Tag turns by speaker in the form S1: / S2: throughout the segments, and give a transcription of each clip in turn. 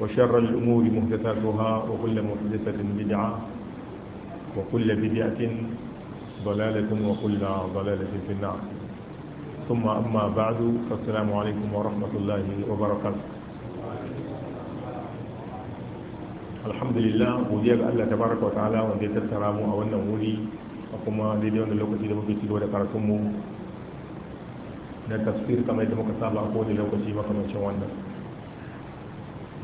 S1: وشر الأمور محدثاتها وكل محدثة بدعة وكل بدعة ضلالة وكل ضلالة في النار ثم أما بعد فالسلام عليكم ورحمة الله وبركاته الحمد لله وديك الله تبارك وتعالى وديك السلام أو النموذي وكما بديون اللوكة إذا مكتبت لو ذكرتمه نتفسير كما يتمكتب لأقول اللوكة إذا مكتبت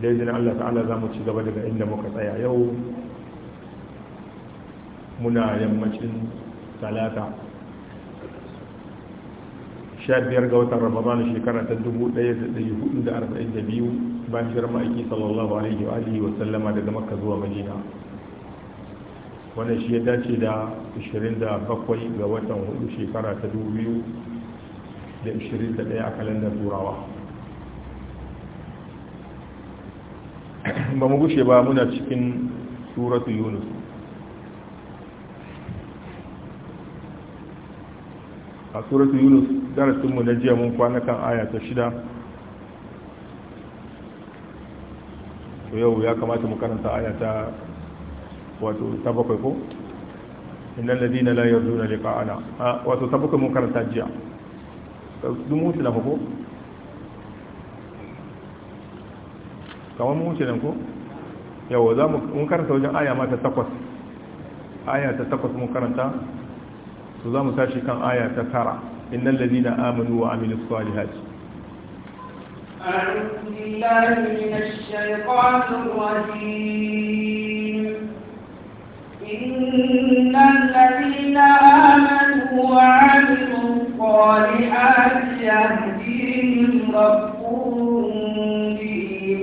S1: da izinin Allah ta'ala za mu ci gaba daga inda muka tsaya yau muna yammacin talata 15 ga watan ramadan shekara ta 1442 shi shirar aiki sallallahu alaihi wa alihi wa sallama daga makka zuwa madina wannan shi ya dace da 27 ga watan 4 shekara ta 2021 a kalandar turawa ba mu gushe ba muna cikin suratu yunus a suratu yunus darasinmu na jiya mun kwana kan aya ta shida yau ya kamata mu karanta aya ta wato ta bakwai ko innal ladina la yarjuna ka'ana wato ta bakwai mun karanta jiya duk mutu na ko kamar mu wuce nan ko yawa za mu karanta wajen aya ma ta takwas aya ta takwas mun karanta su za mu tashi kan aya ta tara innal na amanu wa amilus salihati
S2: أعوذ بالله من الشيطان الرجيم إن الذين آمنوا وعملوا الصالحات يهديهم ربهم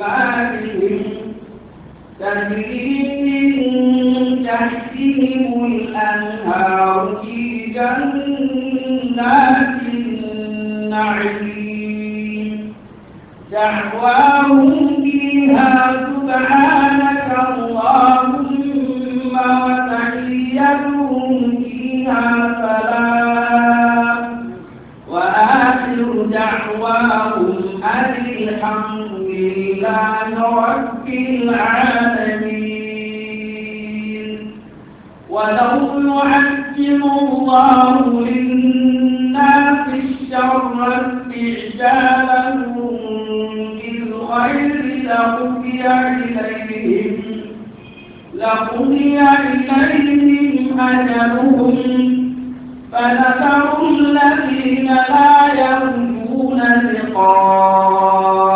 S2: أموالهم تجري من تحتهم الأنهار في جنات النعيم دعواهم فيها سبحانك اللهم وتحيتهم فيها سلام وآخر دعواهم أن الحمد لله رب العالمين ولو يعجل الله للناس الشر استعجالهم بالخير لقضي إليهم لقضي إليهم أجلهم فنذر الذين لا يرجون لقاء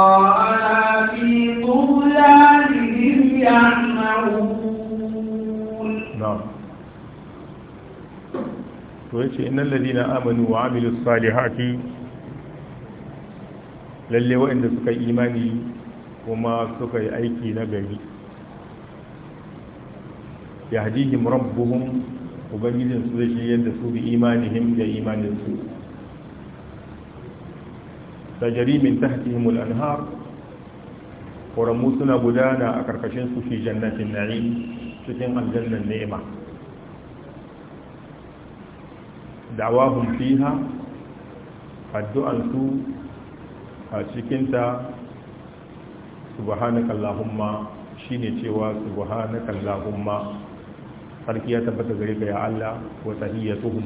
S1: to yace innal ladina amanu wa amilus salihati lalle waɗanda suka yi imani kuma suka yi aiki na gari yahdihim rabbuhum ubangijin su zai shiryar da su bi imanihim da imanin su tajari min tahtihim al-anhar suna gudana a karkashin su fi jannatin na'im cikin aljannan ni'ima da'awahum fiha addu'an su a cikinta subhanakallahumma shine cewa subhanakallahumma sarki ya tabbata gare ka ya Allah wa tahiyyatuhum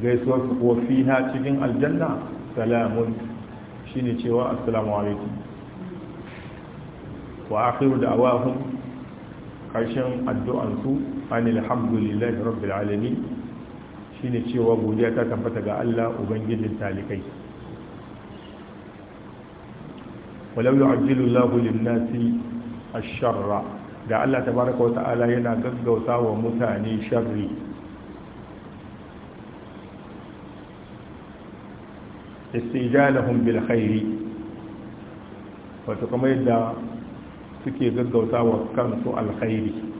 S1: gaisuwar su ko fiha cikin aljanna salamun shine cewa assalamu alaikum wa akhiru da'awahum karshen addu'an su an alhamdulillahi rabbil alamin shine cewa godiya ta tabbata ga Allah ubangijin talikai walau yu'ajjilu Allahu lin-nasi ash-sharra da Allah tabaaraka wa ta'ala yana gaggauta wa mutane sharri istijalahum bil khairi wato kamar yadda suke gaggauta wa kansu alkhairi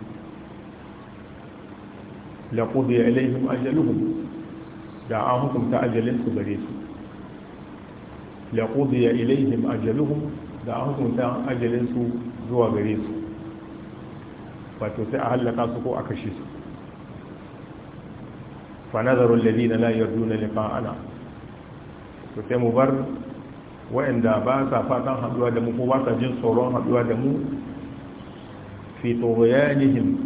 S1: la qudiya ilaihim ajaluhum da an hukunta ajalin su gare su la qudiya ilaihim ajaluhum da an hukunta ajalin su zuwa gare su wato sai a halaka su ko a kashe su fa nazaru alladhina la yarduna liqa'ana to sai mu bar wa'anda ba sa fatan haduwa da mu ko ba sa jin tsoron haduwa da mu fi tughyanihim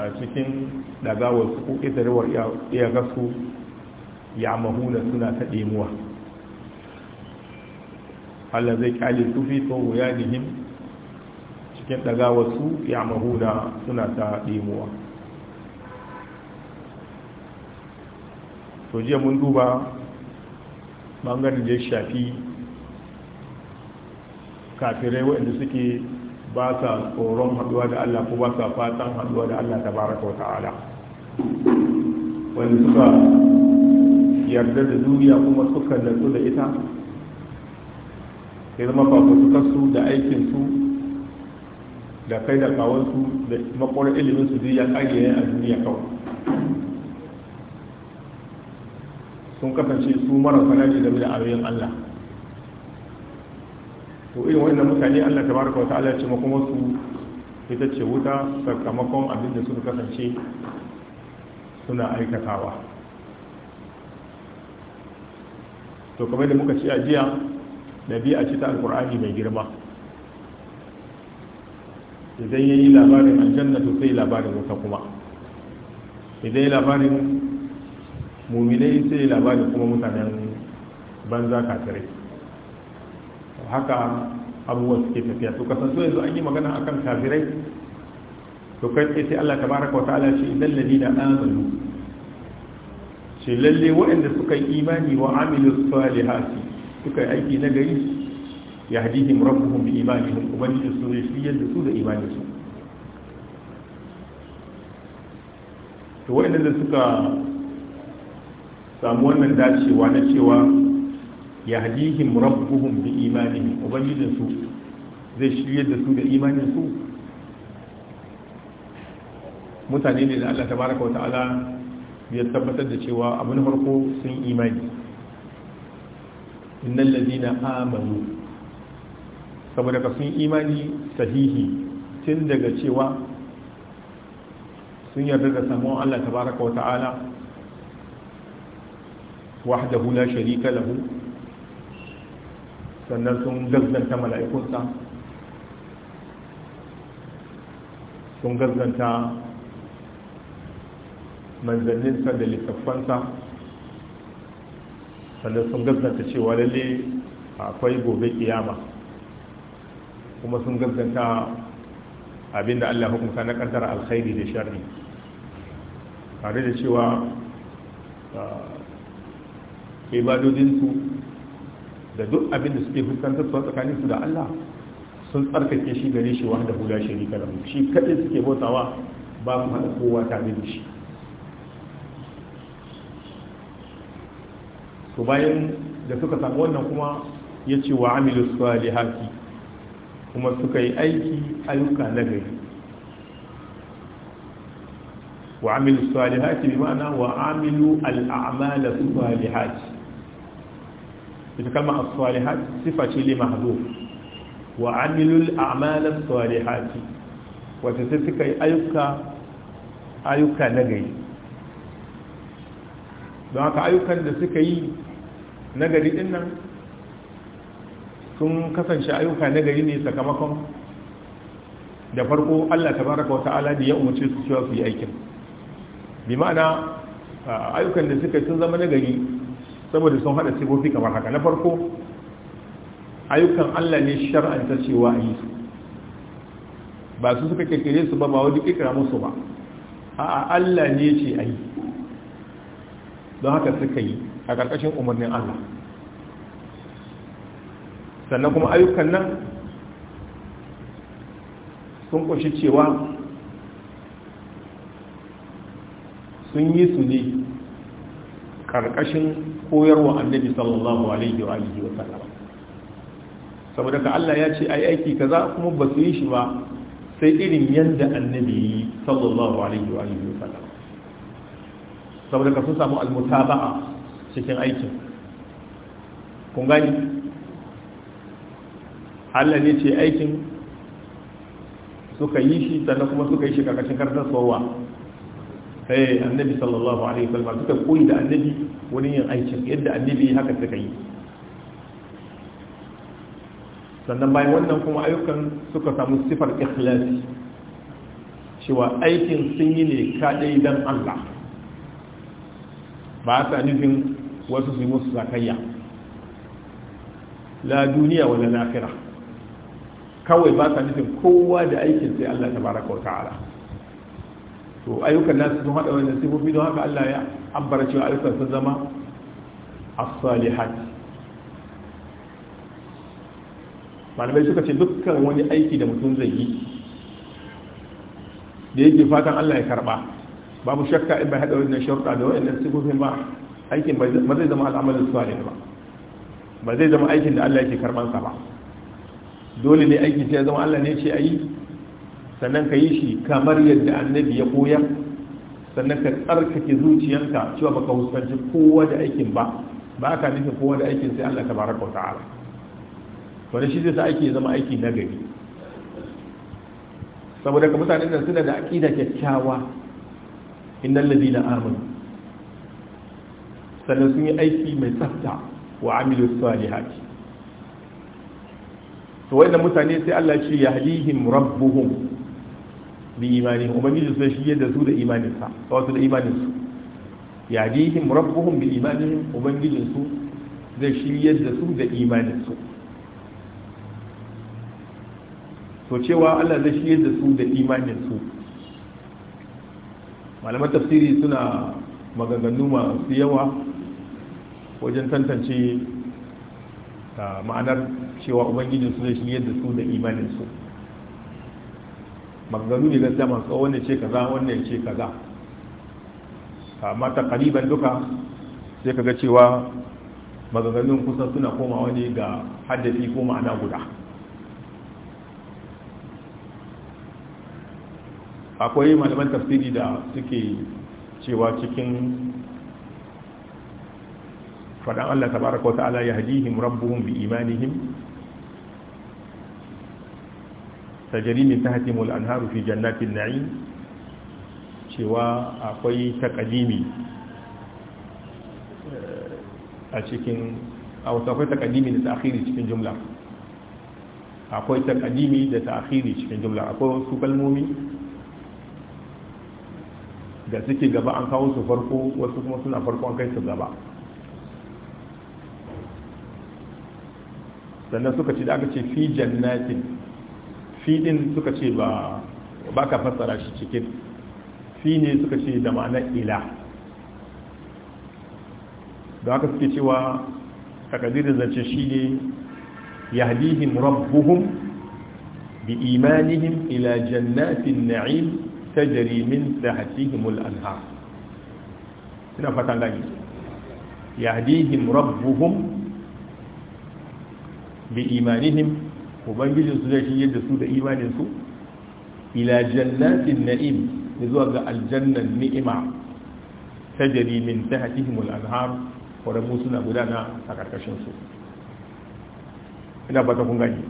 S1: a cikin daga wasu ku ƙetarewar iyakarsu ya mahuna suna ta ɗemuwa allah zai ƙyale su fi tsohu ya nihim cikin daga wasu ya mahuna suna ta ɗemuwa to jiya mun duba ɓangaren da ya shafi kafirai waɗanda suke ba sa tsoron haɗuwa da allah ko ba sa fatan haɗuwa da allah ta baraka wa ta'ala Wani suka yarda da duniya kuma suka natsu da ita sai zama kasu da aikinsu da kai da kawansu da makonar ilimin su ya kage a duniya kawai sun kasance su mara sanari game da abin allah to irin wannan mutane allah ta baraka wata ala ce makon wasu ita ce wuta sakamakon abin da sun kasance suna aikatawa to kamar da muka ci a jiya ɗabi'a a cita alkur'ani mai girma idan ya yi labarin aljanna to sai labarin wuta kuma idan ya labarin muminai sai labarin kuma mutanen banza kafirai haka abubuwan suke tafiya to kasance yanzu an yi magana akan kafirai to kai sai Allah tabaraka wa ta'ala shi idan ladina amanu ce lalle waɗanda suka yi imani wa amilu salihati suka yi aiki na gari ya hadihim rabbuhum bi imanihim ubangiji su ne shi yadda su da imani su to waɗanda suka samu wannan dacewa na cewa ya hadihim rabbuhum bi imanihim ubangijin su zai shiryar da su da imanin su mutane ne da Allah tabaraka wa ta'ala ya tabbatar da cewa abin farko sun imani inna ladina amanu saboda ka sun imani sahihi tun daga cewa sun yarda da samuwan Allah tabaraka wa ta'ala wahdahu la sharika lahu sannan sun gazzanta mala'ikunsa sun gazzanta manzanninsa da littafansa sannan sun gazzanta cewa lalle akwai gobe kiyama kuma sun abin abinda Allah hukunta na kantar alkhairi da sharri tare da cewa ibadodinsu da duk abinda suke fuskantar su tsakaninsu da Allah sun tsarkake shi gare shi wanda hula shari'a da shi kadai suke bautawa ba mu hada kowa tare da shi to bayan da suka samu wannan kuma ya ce wa amilu salihati kuma suka yi aiki ayyuka na gari wa amilu salihati bi ma'ana wa amilu al'amala salihati ita kalma as salihat sifa ce li mahdhuf wa amilu al'amala salihati wata sai suka yi ayyuka ayyuka na gari don haka ayyukan da suka yi nagari din nan sun kasance ayyuka nagari ne sakamakon da farko Allah tabaraka wa ta'ala da ya umarci su cewa su yi aikin bi ma'ana ayyukan da suka sun zama nagari saboda sun hada sifofi kamar haka na farko ayyukan Allah ne shar'anta cewa a yi su ba su suka kekere su ba ba wani kekira musu ba a Allah ne ce a yi don haka suka yi a ƙarƙashin umarnin Allah sannan kuma ayyukan nan sun ƙunshi cewa sun yi su ne ƙarƙashin koyarwa annabi sallallahu alaihi wa alihi wa sallam saboda ka Allah ya ce ai aiki kaza kuma ba su yi shi ba sai irin yadda annabi sallallahu alaihi wa alihi wa sallam saboda ka sun samu almutaba'a cikin aikin kun gani Allah ne ce aikin suka yi shi sannan kuma suka yi shi kakashin karfin tsowa sai eh, annabi sallallahu alaihi wasallam suka koyi da annabi wani yin aikin yadda annabi haka suka yi sannan bayan wannan kuma ayyukan suka samu siffar ikhlasi cewa aikin sun yi ne kaɗai don Allah ba a nufin wasu su yi musu sakayya la duniya wala lafira kawai ba ka nufin kowa da aikin sai Allah ta baraka wa ta'ala to ayyukan nasu sun hada wannan sifofi don haka Allah ya ambara cewa ayyukan sun zama a salihat malamai suka ce dukkan wani aiki da mutum zai yi da yake fatan Allah ya karba babu shakka in bai hada wannan sharuɗa da wannan sifofin ba aikin ba zai zama al'amalin ne ba ba zai zama aikin da Allah yake karban sa ba dole ne aiki sai ya zama Allah ne ce ayi sannan ka yi shi kamar yadda annabi ya koya sannan ka tsarkake zuciyarka cewa baka huskanci kowa da aikin ba ba ka nufin kowa da aikin sai Allah ka wa ta'ala wani shi zai sa aiki ya zama aiki na gari saboda ka mutane nan suna da aqida kyakkyawa innal ladina amanu sannan sun yi aiki mai tsafta wa amilu salihati to wanda mutane sai Allah ce ya hadihim rabbuhum bi imanihim ubangiji sai shi yadda su da imaninsa wasu da imaninsu ya hadihim rabbuhum bi da su zai shi yadda su da imaninsu to cewa Allah zai shi yadda su da imaninsu malaman tafsiri suna maganganu masu yawa wajen tantance ah, ma'anar cewa ubangijinsu zai shirya da su da imaninsu maganu ne gaskiya masu wanda ce kaza wanda ce kaza amma ta kaliban duka sai kaga cewa maganganun kusa suna komawa ne ga haddafi ko ma'ana guda akwai malaman tafsiri da suke cewa cikin fadan Allah tabaraka wa ta'ala yahdihim rabbuhum bi imanihim tajri min tahtihim al-anharu fi jannatin na'im cewa akwai takadimi eh, a cikin a wata akwai takadimi da ta'khiri cikin jumla akwai takadimi da ta'khiri cikin jumla akwai wasu kalmomi da suke gaba an kawo su farko wasu kuma suna farko an kai su gaba sannan suka ce da aka ce fi jannatin fi din suka ce ba ka fassara shi cikin fi ne suka ce da ma'anar ila da aka suke cewa takadirin zance shi ne yahdihim rabbuhum bi imanihim ila jannatin na'im tajri min tahtihimul anhar ina fatan gani yahdihim rabbuhum bi imanihim ubangiji su zai shigar da su da imanin su ila jannatin na'im zuwa ga aljannan ni'ima tajri min tahtihim al-anhar koramu suna gudana a karkashin su ina bata kun gani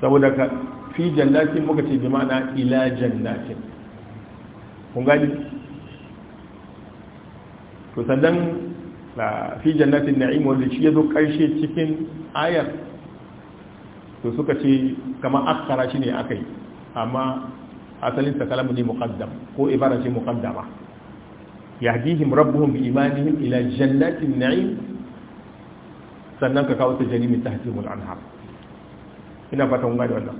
S1: saboda ka fi jannatin muka ce bi ma'ana ila jannatin kun gani to sannan ah, fi jannatin na'im wanda shi ya zo karshe cikin ayar to suka ce kama akara shi ne aka yi amma asalin sa kalamu ne muqaddam ko ibara ce muqaddama yahdihim rabbuhum bi imanihim ila jannatin na'im sannan ka kawo ta jani min tahtimul anhar ina mun gani wannan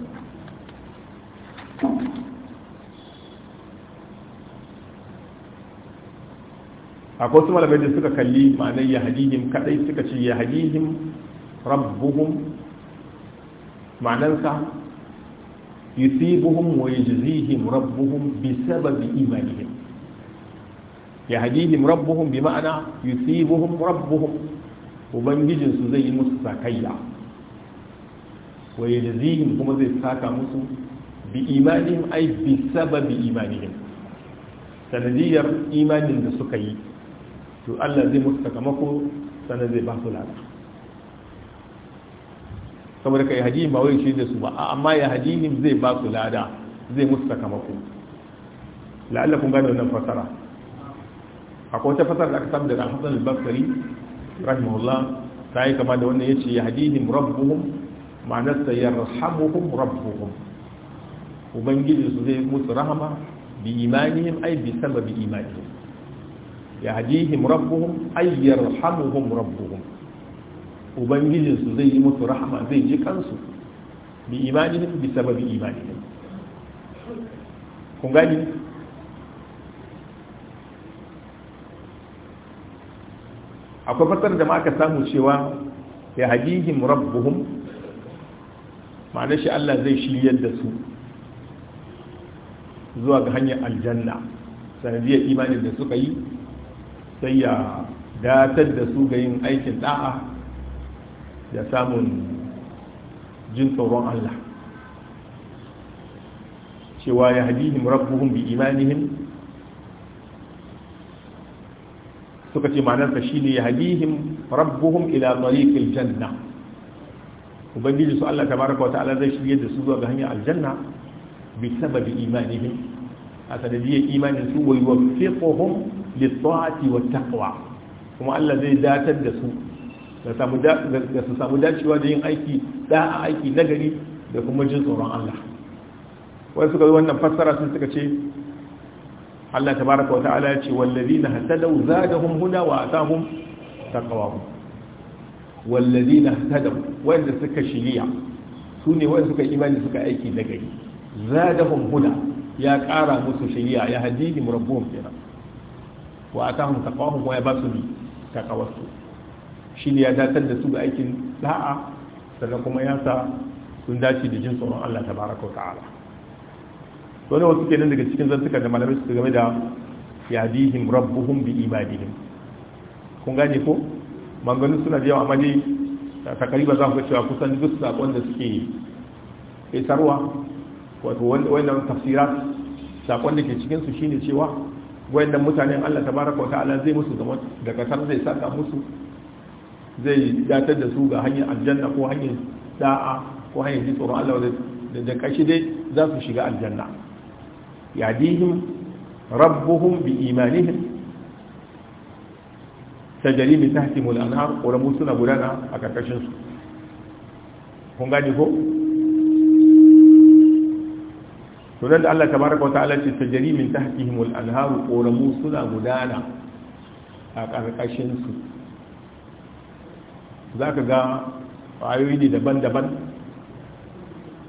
S1: akwai su malamai da suka kalli ma'anar yahadihim kadai suka ce yahadihim ربهم معناه يثيبهم ويجزيهم ربهم بسبب إيمانهم يهديهم ربهم بمعنى يثيبهم ربهم وبنجز زي مستكيا ويجزيهم كما زي ساكا مسو بإيمانهم أي بسبب إيمانهم sanadiyar imanin da suka yi to Allah zai musu saboda ka yi hadihim ba wai shi da su ba amma ya hadihim zai ba su lada zai musu sakamako la'alla kun gane wannan fasara akwai wata fasara da aka samu daga Hassan al-Basri rahimahullah ta yi kama da wannan yace ya hadihim rabbuhum ma'anarsa yarhamuhum rabbuhum ubangiji su zai musu rahama bi imanihim ay bi sababi imanihim ya hadihim rabbuhum ay yarhamuhum rabbuhum ubangijinsu zai yi musu rahama zai ji kansu bi imanihim bi sababi imanihim kun gani akwai fasar da aka samu cewa ya hajihim rabbuhum ma'ana shi Allah zai shiryar da su zuwa ga hanyar aljanna sanadiyar imanin da suka yi sai ya datar da su ga yin aikin da'a da samun jin tsoron Allah cewa ya hadihim rabbuhum bi imanihim suka ce ma'anarsa shine ya hadihim rabbuhum ila tariqil janna ubangiji su Allah tabaraka wa ta'ala zai shirye da su zuwa ga hanyar aljanna bi sababi imanihim a sanadiyar imanin su wa yuwaffiquhum lit-ta'ati wa taqwa kuma Allah zai datar da su da su samu dacewa da yin aiki da a aiki nagari da kuma jin tsoron Allah Wani suka yi wannan fassara sun suka ce Allah ta baraka wa ta'ala ya ce na wallazina hatadaw zadahum huda wa ta atahum taqwahum wallazina hatadaw wanda suka shiriya su ne wanda suka imani suka aiki nagari za zadahum huda ya ƙara musu shiriya ya hadihim rabbuhum kenan wa ta atahum taqwahum wa ya basu taqawasu shine ya datar da su ga aikin da'a sannan kuma ya sa sun dace da jin tsoron Allah baraka wa ta'ala wani ne wasu kenan daga cikin zantuka da malamai su game da yadihim rabbuhum bi ibadihim kun gane ko manganin suna da yawa amma dai takariba za ku cewa kusan duk sakon da suke isarwa wato wannan tafsira sakon da ke cikin su shine cewa wayannan mutanen Allah tabaraka wa ta'ala zai musu da kasar zai saka musu zai datar da su ga hanyar aljanna ko hanyar da'a ko hanyar ji tsoron Allah da da kashi dai za su shiga aljanna dihim rabbuhum bi imanihim tajari min tahtihim al-anhar ƙoramu suna gudana a ƙarƙashinsu. kun gani ko sunan da Allah tabaraka wa ta'ala ce tajari ta tahtihim al-anhar ƙoramu suna gudana a ƙarƙashinsu. za ka ga ayoyi ne daban-daban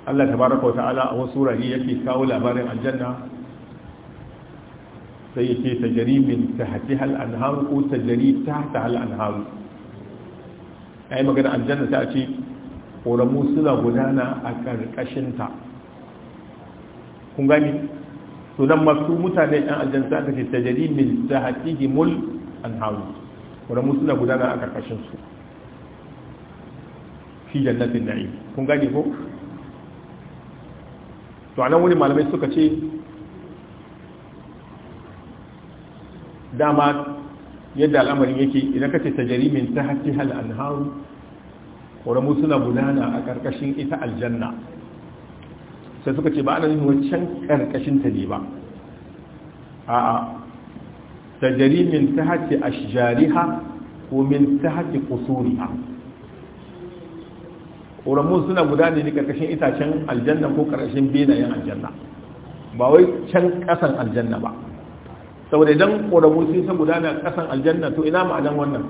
S1: Allah Ta baraka wa ta'ala a wasu wurare yake kawo labarin aljanna sai yake tajari min tahti hal anhar ko tajari tahta hal anhar yi magana aljanna ta ce koramu suna gudana a ƙarƙashinta. kun gani Sunan masu mutane ɗan aljanna ta ce tajari min tahtihimul anhar koramu suna gudana a ƙarƙashinsu. fi jannatin na'im kun gane ko to anan wani malamai suka ce dama yadda al'amarin yake idan ka ce tajari min tahti hal anharu koramu suna gudana a karkashin ita aljanna sai suka ce ba ana nuna can karkashin ta ne ba a'a tajari min tahti ashjariha ko min ta tahti kusuriha ƙoramun suna guda ne ƙarƙashin itacen aljanna ko ƙarƙashin benayen aljanna ba wai can ƙasan aljanna ba saboda idan ƙoramun sun san a ƙasan aljanna to ina ma'adan wannan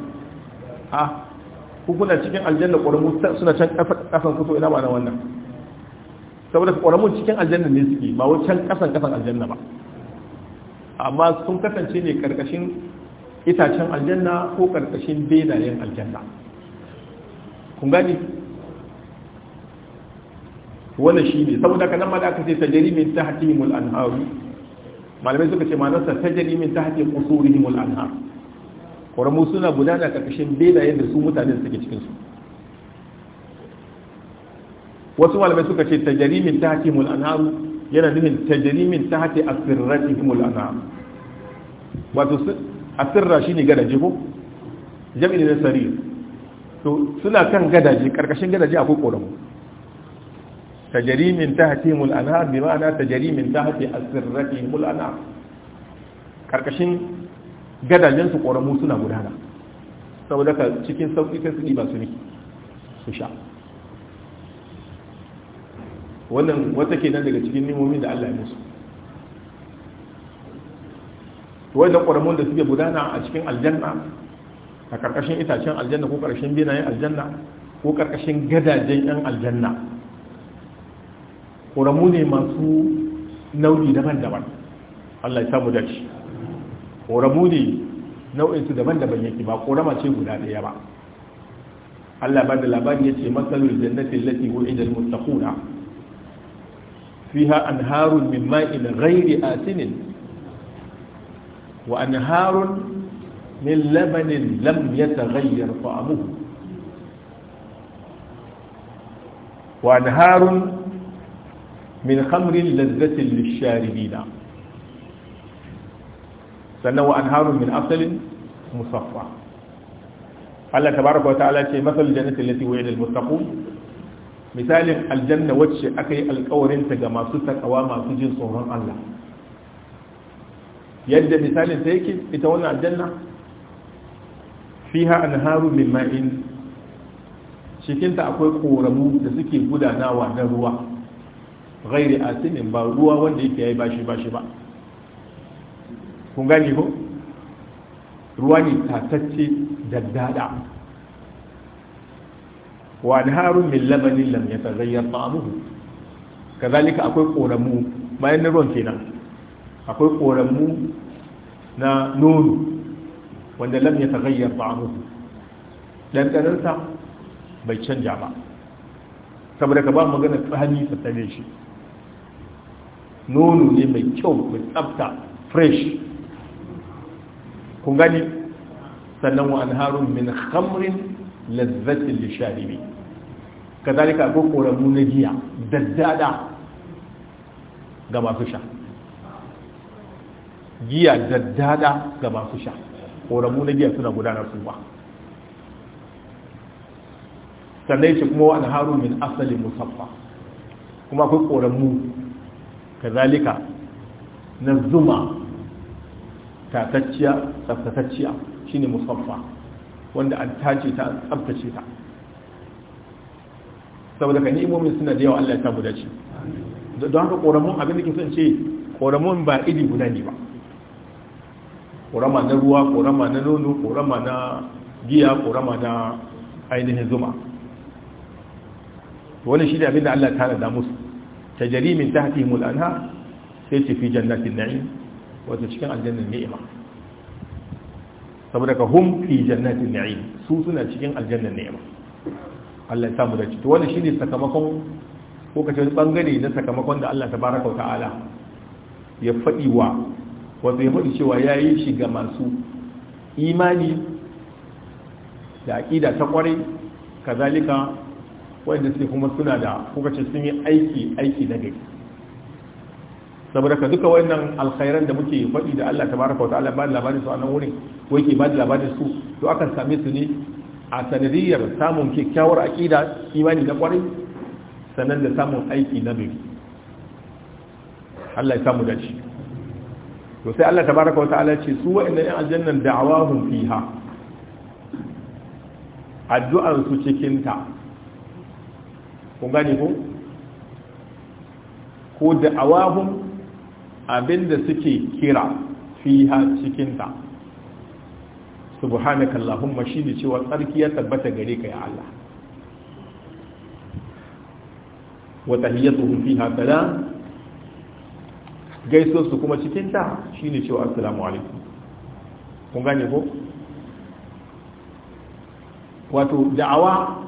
S1: a kuna cikin aljanna ƙoramun suna can ƙasan to ina ma'adan wannan saboda ƙoramun cikin aljanna ne suke ba wai can ƙasan ƙasan aljanna ba amma sun kasance ne ƙarƙashin itacen aljanna ko ƙarƙashin benayen aljanna kun gani wannan ne saboda kana ma da aka ce tajri min ta al anhar malamai suka ce ma'anar sa tajri min tahtihim qusurihim al anhar koramu suna gudana ƙarƙashin bela yadda su mutanen suke cikin su wasu malamai suka ce tajri min ta al anhar yana nufin tajri min tahti asirratihim al anhar wato asirra ne gadaje ko jami'in sarir to suna kan gadaje karkashin gadaje akwai koramu tajari min tahtihim al-anhar bi ma'ana tajari min tahti asirratihim al-anhar karkashin gadajen su koramu suna gudana saboda ka cikin sauki ba su ne su sha wannan wata nan daga cikin nimomin da Allah ya musu wanda ƙoramun da suke gudana a cikin aljanna a ƙarƙashin itacen aljanna ko ƙarƙashin binayen aljanna ko ƙarƙashin gadajen 'yan aljanna ƙoramu ne masu nau'i daban-daban Allah ya samu dace ƙoramu ne nau'insu daban-daban yake ba ƙorama ce guda ɗaya ba Allah ba da labari ya ce matsalar jannatin lati wa'idal muttaquna fiha Harun min ma'in ghairi asinin wa Harun min labanin lam yataghayyar ta'amuhu wa Harun. min khamrin lazzatin lisharibina sannan wa anharun min asalin musaffa Allah tabaraka wa ta'ala ce masal jannati allati wa'ida al-muttaqun misalin aljanna wacce aka yi alƙawarin ta ga masu takawa masu jin tsoron Allah yadda misalin ta yake ita wannan aljanna fiha anharu min ma'in cikinta akwai koramu da suke gudanawa na ruwa ghairi asinin ba ruwa wanda yake yayi bashi bashi ba kun gani ko ruwa ne tatacce daddada wa anharun min labanin lam yataghayyar ta'amuhu kazalika akwai koramu bayan ruwan kenan akwai koramu na nono wanda lam yataghayyar ta'amuhu dandanan bai canja ba saboda ka ba magana tsani ta shi nono ne mai kyau mai tsafta fresh kun gani sannan wa anharun min khamrin lazzatin lisharibi kazalika akwai koramu na giya daddada ga masu sha giya daddada ga masu sha koramu na giya suna gudanar su ba sannan ce kuma wa anharun min asalin musaffa kuma akwai mu kazalika na zuma tatacciya tsaftatacciya shine musaffa wanda an tace ta tsaftace ta saboda ka ni'imomin suna da yawa Allah ya samu dace don haka koramun abin da ke son ce koramun ba iri guda ne ba korama na ruwa korama na nono korama na giya korama na ainihin zuma wani shi da abin da Allah ta da musu tajri min tahtihim al-anhar sai ce fi jannatin na'im wato cikin aljannar ni'ima saboda ka hum fi jannatin na'im su suna cikin aljannar ni'ima Allah ya samu da ciki wannan shine sakamakon ko kace bangare na sakamakon da Allah tabaraka wa ta'ala ya fadi wa wato ya fadi cewa yayi shi ga masu imani da aqida ta kware kazalika wanda sai kuma suna da kuka ce sun yi aiki aiki na gari saboda ka duka wannan alkhairan da muke faɗi da Allah tabaraka Allah ba da labarin su a nan wurin ko yake ba da labarin su to aka same su ne a sanadiyar samun kyakkyawar aƙida imani na kwarai sannan da samun aiki na gari Allah ya samu dace to sai Allah tabaraka wata'ala ce su wa'annan yan aljannan da'awahum fiha addu'ar su cikin ta kun gane ko ko da awahun abinda suke kira fiha cikinta subhanaka allahumma shine cewa tsarki ya tabbata gare ka ya Allah wa tahiyyatuhum fiha salam gaiso su kuma cikin ta shine cewa assalamu alaikum kun gane ko wato da'awa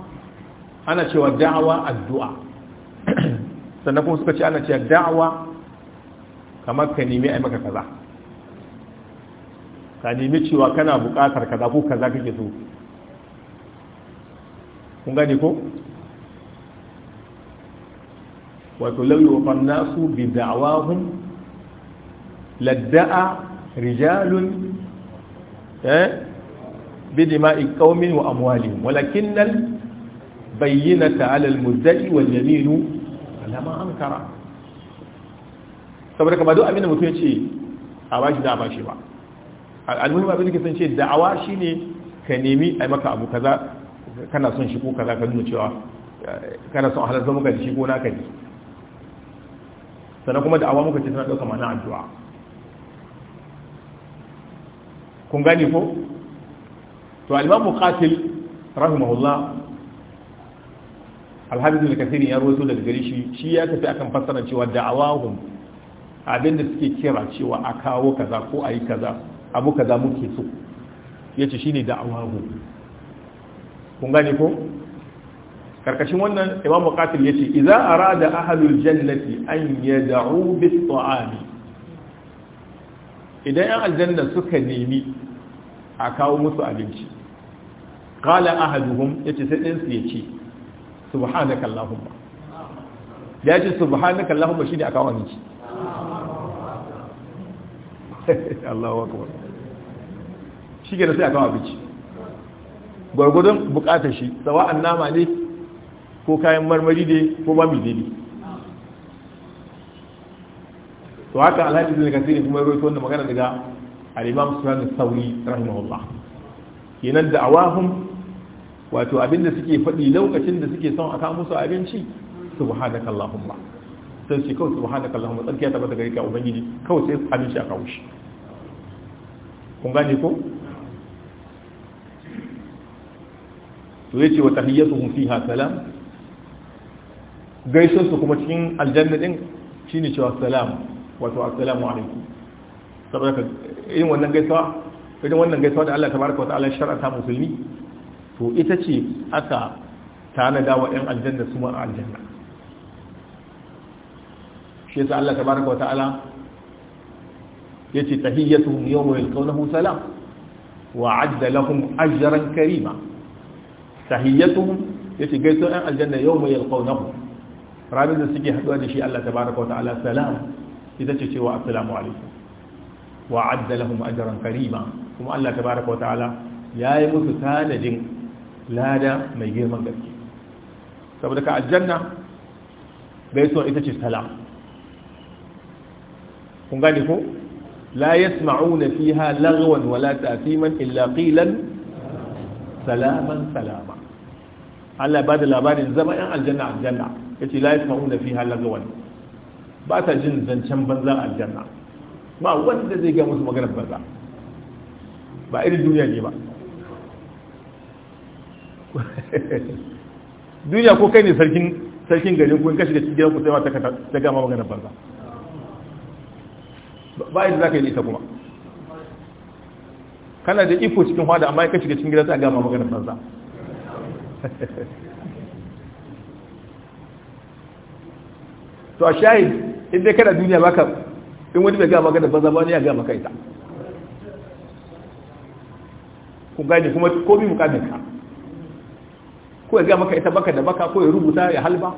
S1: ana cewa da'awa addu'a sannan kuma suka ce ana cewa da'awa kamar ka nemi a maka kaza ka nemi cewa kana buƙatar kaza ko kaza kake so kun gane ko wato lauyi wa fannasu bi hun ladda'a rijalun eh bi dima'i qaumin wa amwalihim walakinnal bayyinata alal muddai wal yaminu alama ankara saboda kamar duk abin da mutum ya ce a bashi da a bashi ba al'ulmuhim abin da ke sun ce da'awa ne ka nemi a maka abu kaza kana son shi ko kaza ka nuna cewa eh, kana son halar zama ka shi ko na kaji sannan kuma da'awa muka ce tana ɗauka mana addu'a kun gane ko to al-imam muqatil rahimahullah alhamdu da kasiri ya rawaito daga gari shi shi ya tafi akan fassara cewa da'awahum abin da suke kira cewa a kawo kaza ko a yi kaza abu kaza muke so ya ce shine da'awahum kun gane ko karkashin wannan imamu qatil yace idza arada ahlul jannati an yad'u bis ta'ami idan yan aljanna suka nemi a kawo musu abinci qala ahaduhum yace sai su yace subhanaka allahumma ya ce subhanaka allahumma shine aka wani shi Allahu akbar shi ke da sai aka wani bici gwargwadon bukatar shi sawa'an nama ne ko kayan marmari ne ko ba mi daidai to haka alhaji zai kasiri kuma ya roito wanda magana daga al'imam da sauri rahimahullah yanar da awahun wato abin da suke faɗi lokacin da suke son a kawo musu abinci subhanaka allahumma sai shi kawai subhanaka allahumma tsarki ya tabbata gari ka ubangiji kawai sai abinci a kawo shi kun gane ko to yace wa tahiyyatuhum fiha salam gaisuwar su kuma cikin aljanna din shine cewa salam wato assalamu alaikum saboda irin wannan gaisuwa irin wannan gaisuwa da Allah tabaraka wa ta'ala shar'ata musulmi to ita ce aka tanada wa 'yan aljanna su a aljanna shi yasa Allah tabaraka wa ta'ala yace tahiyyatuhum yawma yalqawnahu salam wa 'adda lahum ta hiyyatu ya yace gaisuwa 'yan aljanna yau yawma yalqawnahu ranar da suke haɗuwa da shi Allah tabaraka wa ta'ala salam ita ce cewa assalamu alaikum wa 'adda lahum ajran karima kuma Allah ta baraka wa ta'ala yi musu tanadin lada mai girman gaske saboda ka aljanna bai so ita ce sala kun gane ko la yasma'una fiha lagwan wala ta'siman illa qilan salaman salama Allah ba da labarin zama yan aljanna aljanna yace la yasma'una fiha lagwan ba ta jin zancen banza aljanna ba wanda zai ga musu maganar banza ba irin duniya ne ba duniya ko kai ne sarkin garin ko in ka shiga cikin gidan ku sai ma ta ta gama magana banza ba za ka yi ta kuma kana da iko cikin hada amma ka shiga cikin gida ta gama magana banza to a shahid in dai kana duniya ka in wani bai gama magana banza ba ne ya gama kai ta ku gane kuma mu mukamin ka ko ya ga maka ita baka da baka ko ya rubuta ya halba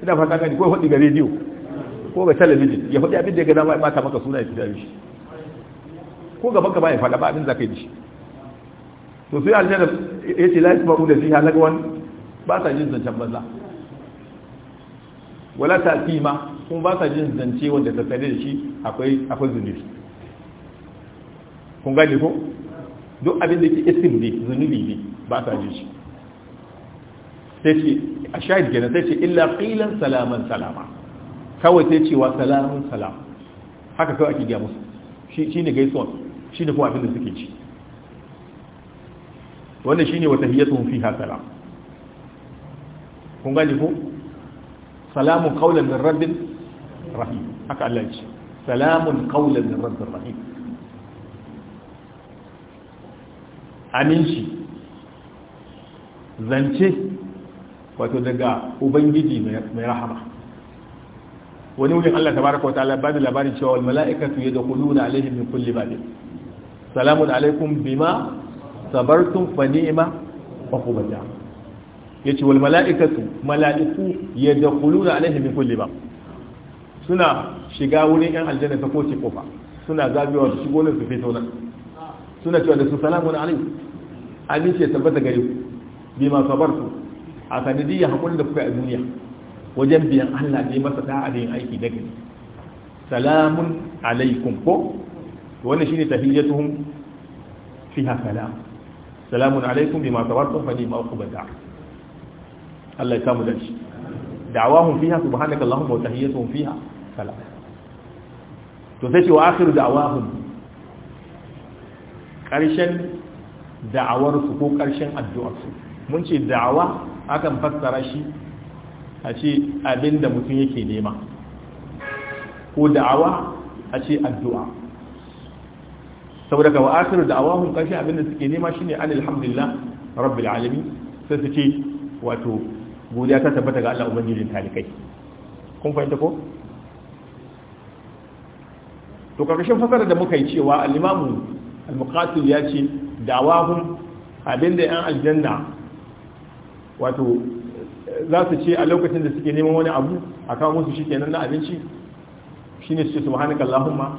S1: ina fata gani ko ya faɗi ga rediyo ko ga talabijin ya faɗi abin da ya ga dama ya bata maka suna ya fita shi ko ga baka ba ya faɗa ba abin zaka yi shi to sai aljanna yace la yasma'u da fiha wani ba sa jin zancen banza wala ta ta'tima kuma ba sa jin zance wanda ta tsare da shi akwai akwai zunubi kun gane ko duk abin da ke isim ne zunubi ne ba sa jin shi sai ce a shahid kenan sai ce illa qilan salaman salama kawai sai cewa salamun salam haka kawai ake gaya musu shi ne gaiso shi ne kuma abin da suke ci wannan shine wata hiyatun fiha salam kun gani ko salamun qawlan min rabbin rahim haka Allah ya ce salamun qawlan min rabbin rahim aminci zance wato daga ubangiji mai rahama wani wurin Allah tabaraka wataala ba bada labarin cewa wal mala'ikatu yadkhuluna alaihim min kulli babin salamun alaikum bima sabartum fa ni'ma uqubad yace wal mala'ikatu mala'iku yadkhuluna alaihim min kulli bab suna shiga wurin yan aljanna ta koce kofa suna zabewa su shigo nan su fito nan suna cewa da su salamun alaikum ce tabbata gare ku bima sabartum a sanadiyya haƙurin da kuka a duniya wajen biyan Allah ne masa ta da yin aiki da gani salamun alaikum ko wannan shine tahiyyatuhum fiha salam salamun alaikum bima tawartum fa ni'ma uqbata Allah ya kamu da shi da'awahum fiha subhanaka allahumma wa tahiyyatuhum fiha salam to sai ce wa akhiru da'awahum karshen da'awarsu ko karshen addu'arsu mun ce da'awa akan fassara shi a ce abin da mutum yake nema ko da'awa a ce addu'a saboda ka wa'asiru da'awa hun kashi abin da suke nema shi ne alhamdulillah rabbil alami sai su ce wato godiya ta tabbata ga Allah Ubangijin talikai kun fahimta ko? to karkashin fasara da muka yi cewa al-imamu al-muqatil ya ce da'awahum abinda yan aljanna wato za su ce a lokacin da suke neman wani abu a kawo musu shi kenan na abinci shi ne su ce su allahumma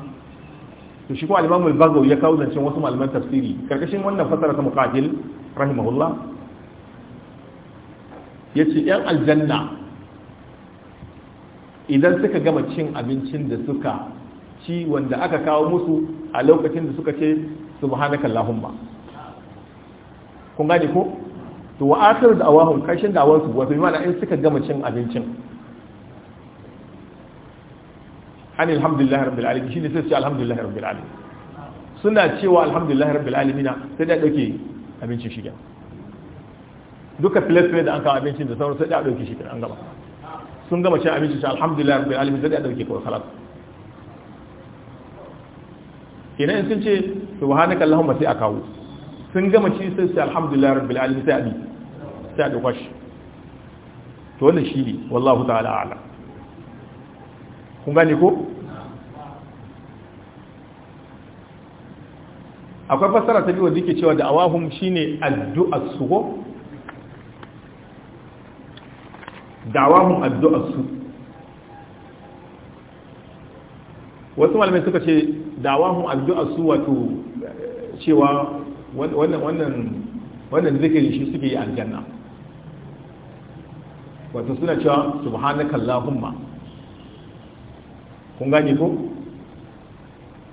S1: to shi kuma ya kawo zancen wasu malaman tafsiri karkashin wannan fasara ta muqatil rahimahullah ce yan aljanna idan suka gama cin abincin da suka ci wanda aka kawo musu a lokacin da suka ce subhanaka allahumma kun gane ko to wa akhir da awahum kashin da awansu wato bi ma'ana in suka gama cin abincin an alhamdulillah rabbil alamin shine sai ce alhamdulillah rabbil alamin suna cewa alhamdulillah rabbil alamin sai da dauke abincin shi duka plate da an kawo abincin da sauran sai da dauke shi an gama sun gama cin abincin sai alhamdulillah rabbil alamin sai da dauke kawai salat kenan sun ce subhanaka allahumma sai a kawo sun gama ci sai sai alhamdulillah rabbil alamin sai abi sai da kwashi to wannan shi ne wallahu ta'ala a'lam kun gane ko akwai fassara ta biyu wanda yake cewa da awahum shine addu'a su ko da'awahum addu'a su wasu malamai suka ce da'awahum addu'a su wato cewa wannan zikirin shi suke yi aljanna wato suna cewa allahumma kun gani ko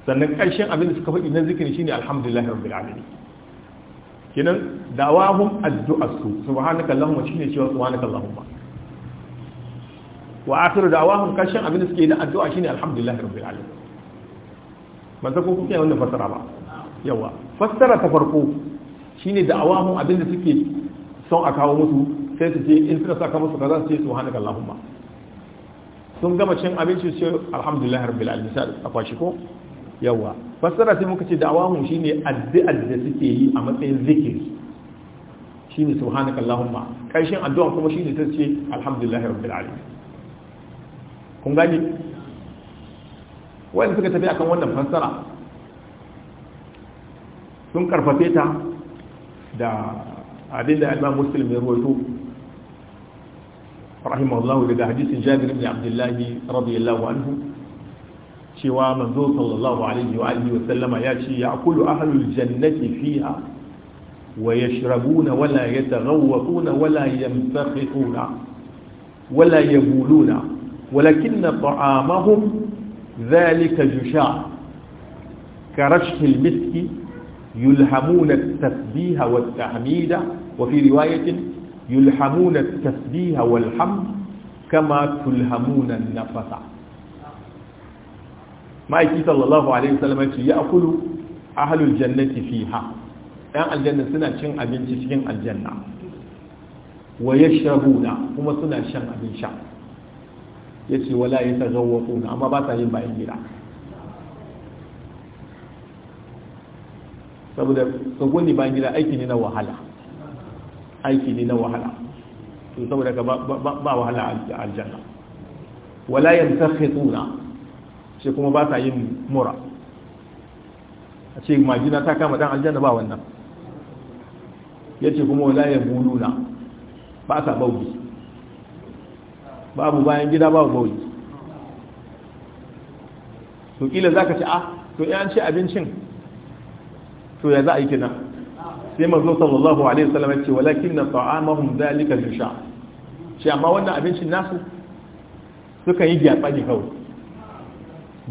S1: sannan karshen abin da suka faɗi na zikiri shine alhamdulillahi rabbi alamin kinan dawahum addu'asu subhanakallahumma shine cewa allahumma wa akhiru dawahum karshen abin da suke yi da addu'a shine alhamdulillahi rabbi alamin manzo ko kuke wannan fasara ba yawa fassara ta farko shine da awamun abin da suke son a kawo musu sai su ce in suka saka musu kaza su ce subhanaka allahumma sun gama cin abinci su alhamdulillah rabbil alamin sai a kwashi ko yawa fassara sai muka ce da awamun shine addu'a da suke yi a matsayin zikiri shine subhanaka allahumma kashin addu'a kuma shine ta ce alhamdulillah rabbil alamin kun gani wanda suka tafi akan wannan fassara sun karfafe ta da abin da imam muslim ya ruwaito rahimahullah daga hadisin jabir ibn abdullah radiyallahu anhu cewa manzo sallallahu alaihi wa alihi wa sallama ya ce ya kullu ahlul jannati fiha wa yashrabuna wa la yataghawwatuna wa la yamsakhuna wa la yabuluna ولكن طعامهم ذلك جشاع كرشح المسك يلهمون التسبيح والتحميد وفي رواية يلهمون التسبيح والحمد كما تلهمون النفس ما يكي صلى الله عليه وسلم يأكل أهل الجنة فيها ɗan aljanna suna cin abinci cikin aljanna wa yashrabuna kuma suna shan abin sha yace wala yatazawwaquna amma ba sa yin bayan gida saboda sagoni bayan gida aiki ne na wahala aiki ne na wahala to saboda ka ba wahala a aljanna wala yantakhithuna shi kuma ba ta yin mura a ce majina ta kama dan aljanna ba wannan yace kuma wala yabuluna ba ta bauji babu bayan gida babu bauji to kila zaka ce ah to yan ci abincin to ya za a yi kina sai mazo sallallahu alaihi wasallam ya ce walakin na ta'amahum zalika al-jusha shi amma wannan abincin nasu suka yi gyatsa ne kawai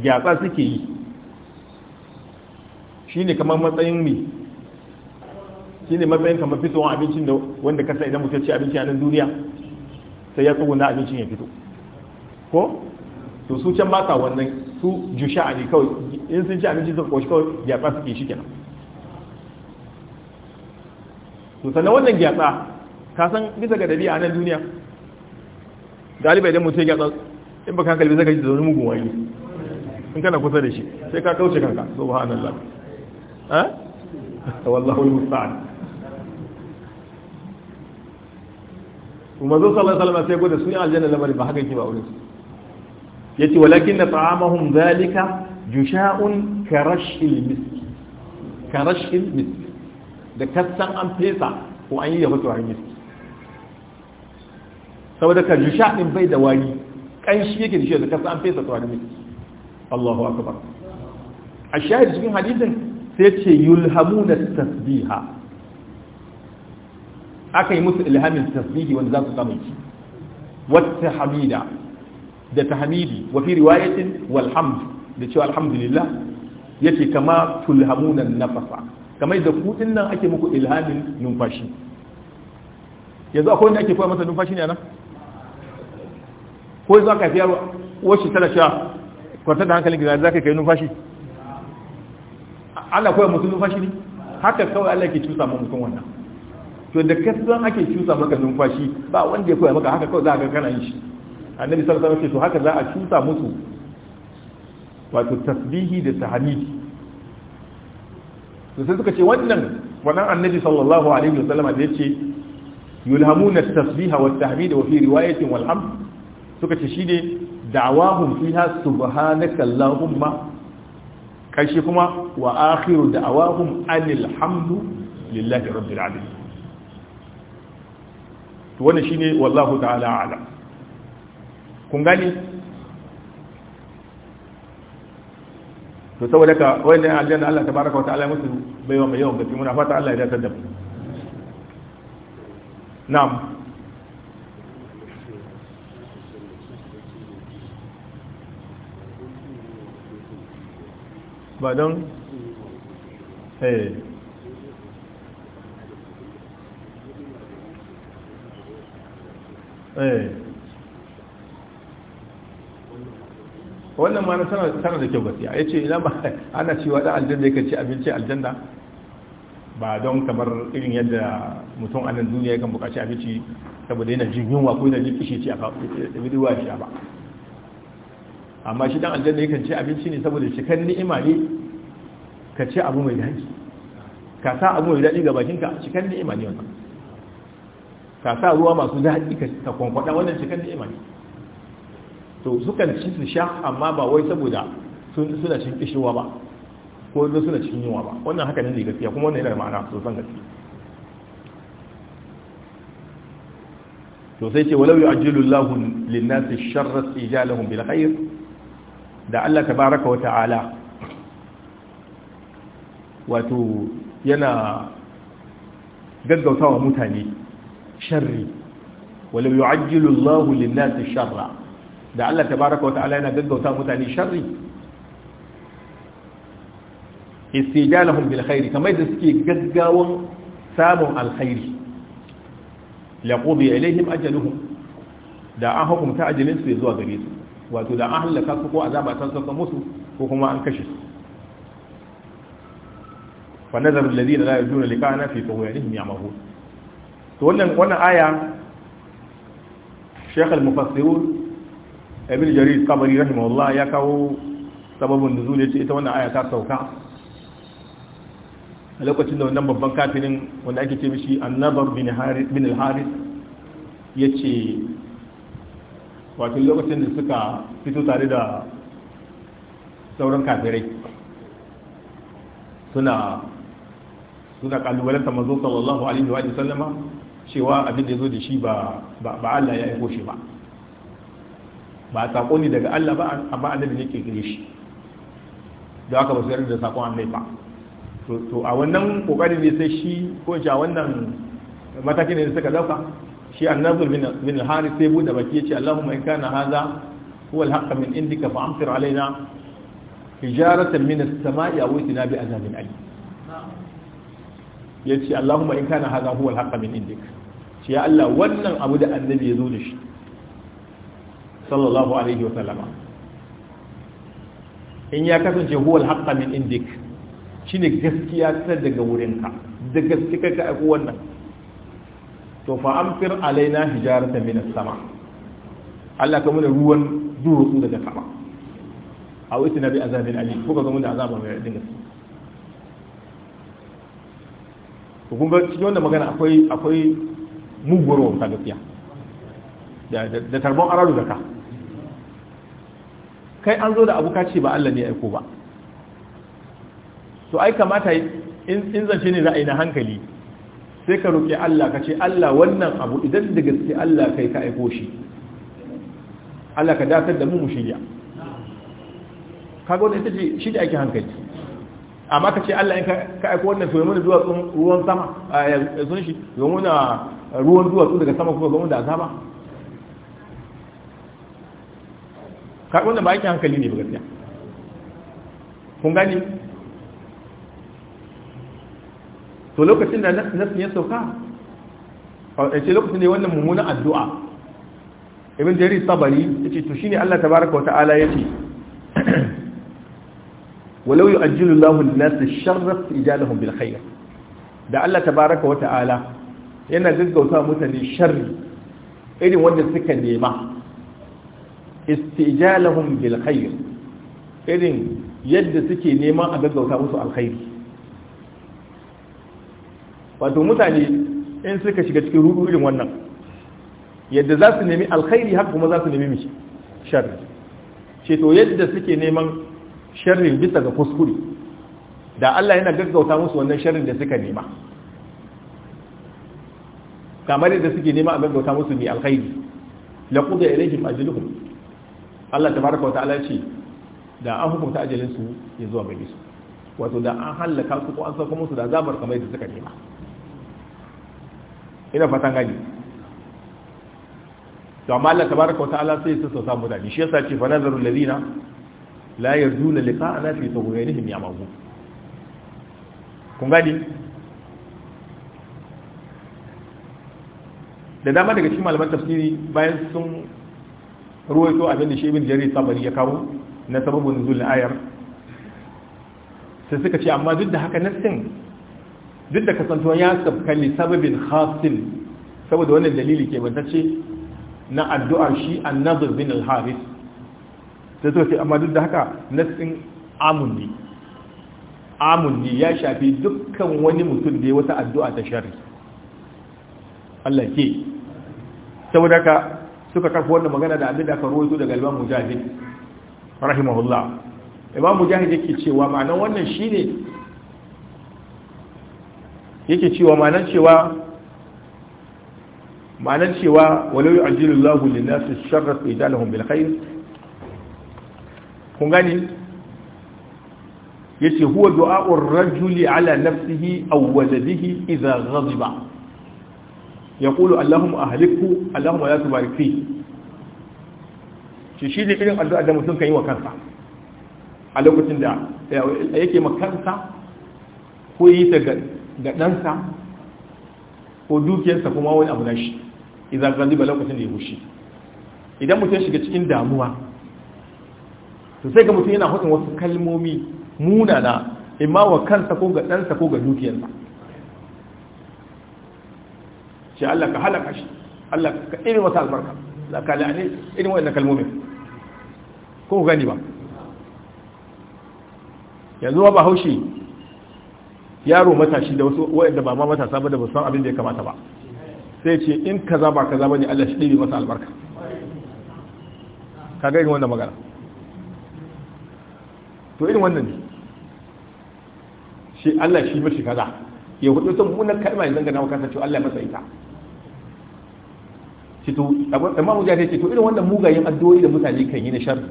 S1: gyatsa suke yi shine kamar matsayin mi shine matsayin kamar fitowar abincin da wanda kasa idan mutum ya ci abinci a nan duniya sai ya tsuguna abincin ya fito ko to su can ba sa wannan su jusha ne kawai in sun ci abinci suka koshi kawai gyatsa suke shi kenan to sannan wannan gyatsa ka san bisa ga dabi'a nan duniya galiba idan mutum ya gyatsa in baka kalbi zaka ji da wani mugun wani in kana kusa da shi sai ka kauce kanka subhanallah eh wallahu musta'an kuma zo sallallahu alaihi wasallam sai gode sun yi aljanna lamari ba haka yake ba wurin yace walakin na ta'amahum zalika jusha'un karashil misk karashil misk da kasan an fesa ko an yi ya mutu har miski saboda ka jusha din bai da wari kanshi yake da shi da kasan an fesa to har miski Allahu akbar a shahid cikin hadisin sai ce na tasbiha aka yi musu ilhamin tasbihi wanda za su kama shi wata hamida da tahmidi wa fi riwayatin walhamd da cewa alhamdulillah yake kama tulhamuna nafasa kamar da kudin nan ake muku ilhamin numfashi yanzu akwai wanda ake koya masa numfashi ne nan ko za ka fiya washi tana sha kwantar da hankalin gina za ka kai numfashi Allah koya mutum numfashi ne haka kawai Allah ke cusa ma mutum wannan to da zan ake cusa maka numfashi ba wanda ya koya maka haka kawai za ka kana yin shi annabi sallallahu alaihi wasallam ce to haka za a cusa musu wato tasbihi da tahmidi to sai suka ce wannan wannan annabi sallallahu alaihi wasallam da yace yulhamuna at-tasbiha wat-tahmid wa fi riwayatin wal suka ce shine da'awahum fiha subhanaka allahumma kashi kuma wa akhiru da'awahum anil hamdu lillahi rabbil alamin to wannan shine wallahu ta'ala a'lam kun gani to saboda ka wayannan aljanna Allah tabaraka wa ta'ala musu baiwa mai yawan gaske muna fata Allah ya da na'am ba don eh eh wannan ma tana sanar da kyau gaskiya Ya ce ina ba ana cewa da aljanna yake ci abinci aljanna ba don kamar irin yadda mutum a nan duniya kan bukaci abinci saboda yana jin yunwa ko yana jin kishi ci a bidiwa shi ba amma shi dan aljanna yakan ci abinci ne saboda cikan ni'ima ne ka ci abu mai daɗi ka sa abu mai daɗi ga bakinka cikan ni'ima ne wannan ka sa ruwa masu daɗi ka kwankwada wannan cikan ni'ima ne to sukan ci su sha amma ba wai saboda suna cikin kishiwa ba ko da suna cikin yunwa ba wannan haka ne gaskiya kuma wannan yana da ma'ana san gaskiya to sai ce walau yu'ajjilu Allahu lin-nasi sharra ijalahum bil khair da Allah tabaaraka wa ta'ala wato yana gaggautawa mutane sharri walau yu'ajjilu Allahu lin-nasi sharra da Allah tabaraka wa ta'ala yana gaggauta mutane sharri istijalahum bil khair kamar da suke gaggawan samun alkhairi laqudi ilaihim ajaluhum da an hukunta ajalin su zuwa gare su wato da an halaka su ko azaba san san musu ko kuma an kashe su fa nazar alladhina la yajuna liqa'ana fi tughyanihim ya'mahun to wannan wannan aya Sheikh al-mufassirun ibn jarir tabari rahimahullah ya kawo sababin nuzul yace ita wannan aya ta sauka a lokacin da wannan babban kafirin wanda ake ce mishi annabar bin harith bin al-harith yace wato lokacin da suka fito tare da sauran kafirai suna suna kalubalanta manzo sallallahu alaihi wa sallama cewa abin da ya zo da shi ba ba Allah ya aiko shi ba ba sako ne daga Allah ba amma annabi ne ke gare shi da aka ba su yarda da sakon annabi ba to a wannan kokarin ne sai shi ko a wannan matakin ne suka dauka shi annabul bin al sai bude baki Ya ce Allahumma in kana hadha huwa al-haqq min indika fa amtir alaina hijaratan min as-sama'i aw itina bi azabin alim ce Allahumma in kana hadha huwa al-haqq min indika shi ya Allah wannan abu da annabi ya zo da shi sallallahu alaihi wa sallama in ya kasance huwal haqqa min indik shine gaskiya ta daga wurinka da gaskiya ka aiko wannan to fa amfir alaina hijarata min as-sama Allah ka muna ruwan duwatsu daga sama a wata nabi azabin ali ko ka ga mun da azaba mai dinga to kun ga cikin wannan magana akwai akwai mugwaro ta gaskiya da tarbon araru zakka kai an zo da abu ka ce ba Allah ne aiko ba to ai kamata in zance ne za a yi na hankali sai ka roƙi Allah ka ce Allah wannan abu idan da gaske Allah kai ka aiko shi Allah ka dafa da mu mushiya Ka kaga wannan ita ce shi da ake hankali amma ka ce Allah in ka aiko wannan to yamuna duwatsun ruwan sama yanzu shi yamuna ruwan duwatsu daga sama kuma ga mun da azaba kaga wannan ba ake hankali ne ba gaskiya kun gani to lokacin da nasin ya sauka a ce lokacin da ya wannan mummunan addu'a ibn jari sabari ya ce to shine Allah tabaaraka wa ta'ala yace walau yu'ajjilu Allahu lin-nasi ash-sharra ijalahum bil khair da Allah tabaaraka wa ta'ala yana gaggauta mutane sharri irin wanda suka nema istijalahum bil khair irin yadda suke neman a gaggauta musu alkhairi wato mutane in suka shiga cikin rudu irin wannan yadda za su nemi alkhairi haka kuma za su nemi mishi sharri ce to yadda suke neman sharri bisa ga kuskure da Allah yana gaggauta musu wannan sharrin da suka nema kamar yadda suke nema a gaggauta musu mai alkhairi laqud ilayhim ajluhum Allah tabaraka wa ta'ala ce da an hukunta ajalin su ya zuwa gare su wato da an halaka su ko an sauka musu da azabar kamar da suka nema ina fatan gani to amma Allah tabaraka wa ta'ala sai su sassauta mutane shi yasa ce fa nazaru alladhina la yarduna liqa'ana fi tughyanihim ya'mahu kun gani da dama daga cikin malaman tafsiri bayan sun ruwaito abin da shi jari jarir tabari ya kawo na sababin na ayar sai suka ce amma duk da haka nassin duk da kasantuwa ya sabka ne sababin hasil saboda wannan dalili ke ce na addu'ar shi annabir bin alharis sai suka ce amma duk da haka nassin amun ne ya shafi dukkan wani mutum da ya wata addu'a ta shari Allah ke saboda ka suka karfi wannan magana da abin da aka rawaito daga Imam Mujahid rahimahullah Imam Mujahid yake cewa ma'anar wannan shine yake cewa ma'anar cewa ma'anar cewa walau yu'ajjilu Allahu lin-nasi sharra idalahum bil khair kun gani yace huwa du'a'ur rajuli ala nafsihi aw waladihi idha ghadiba yaqulu allahumma ahlikhu allahumma la tubarik fi shi shi ne irin addu'a da mutum kan yi wa kansa a lokacin da yake ma kansa ko yi ta ga ɗansa ko dukiyarsa kuma wani abu na shi idan ba lokacin da ya bushe. idan mutum shiga cikin damuwa to sai ga mutum yana hutun wasu kalmomi munana imma wa kansa ko ga ɗansa ko ga dukiyarsa sai Allah ka halaka shi Allah ka irin wata albarka Allah ka la'ani irin wannan kalmomin ko gani ba yanzu ba haushi yaro matashi da wasu waɗanda ba ma matasa ba da ba san abin da ya kamata ba sai ce in kaza ba kaza bane Allah shi ɗiri masa albarka ka irin wannan magana to irin wannan ne shi Allah shi mashi kaza ya hudu sun munar kalma ya zanga na maka cewa Allah ya masa ita Cito amma mu jafe ce irin wannan mugayen addu'o'i da mutane kan yi na sharri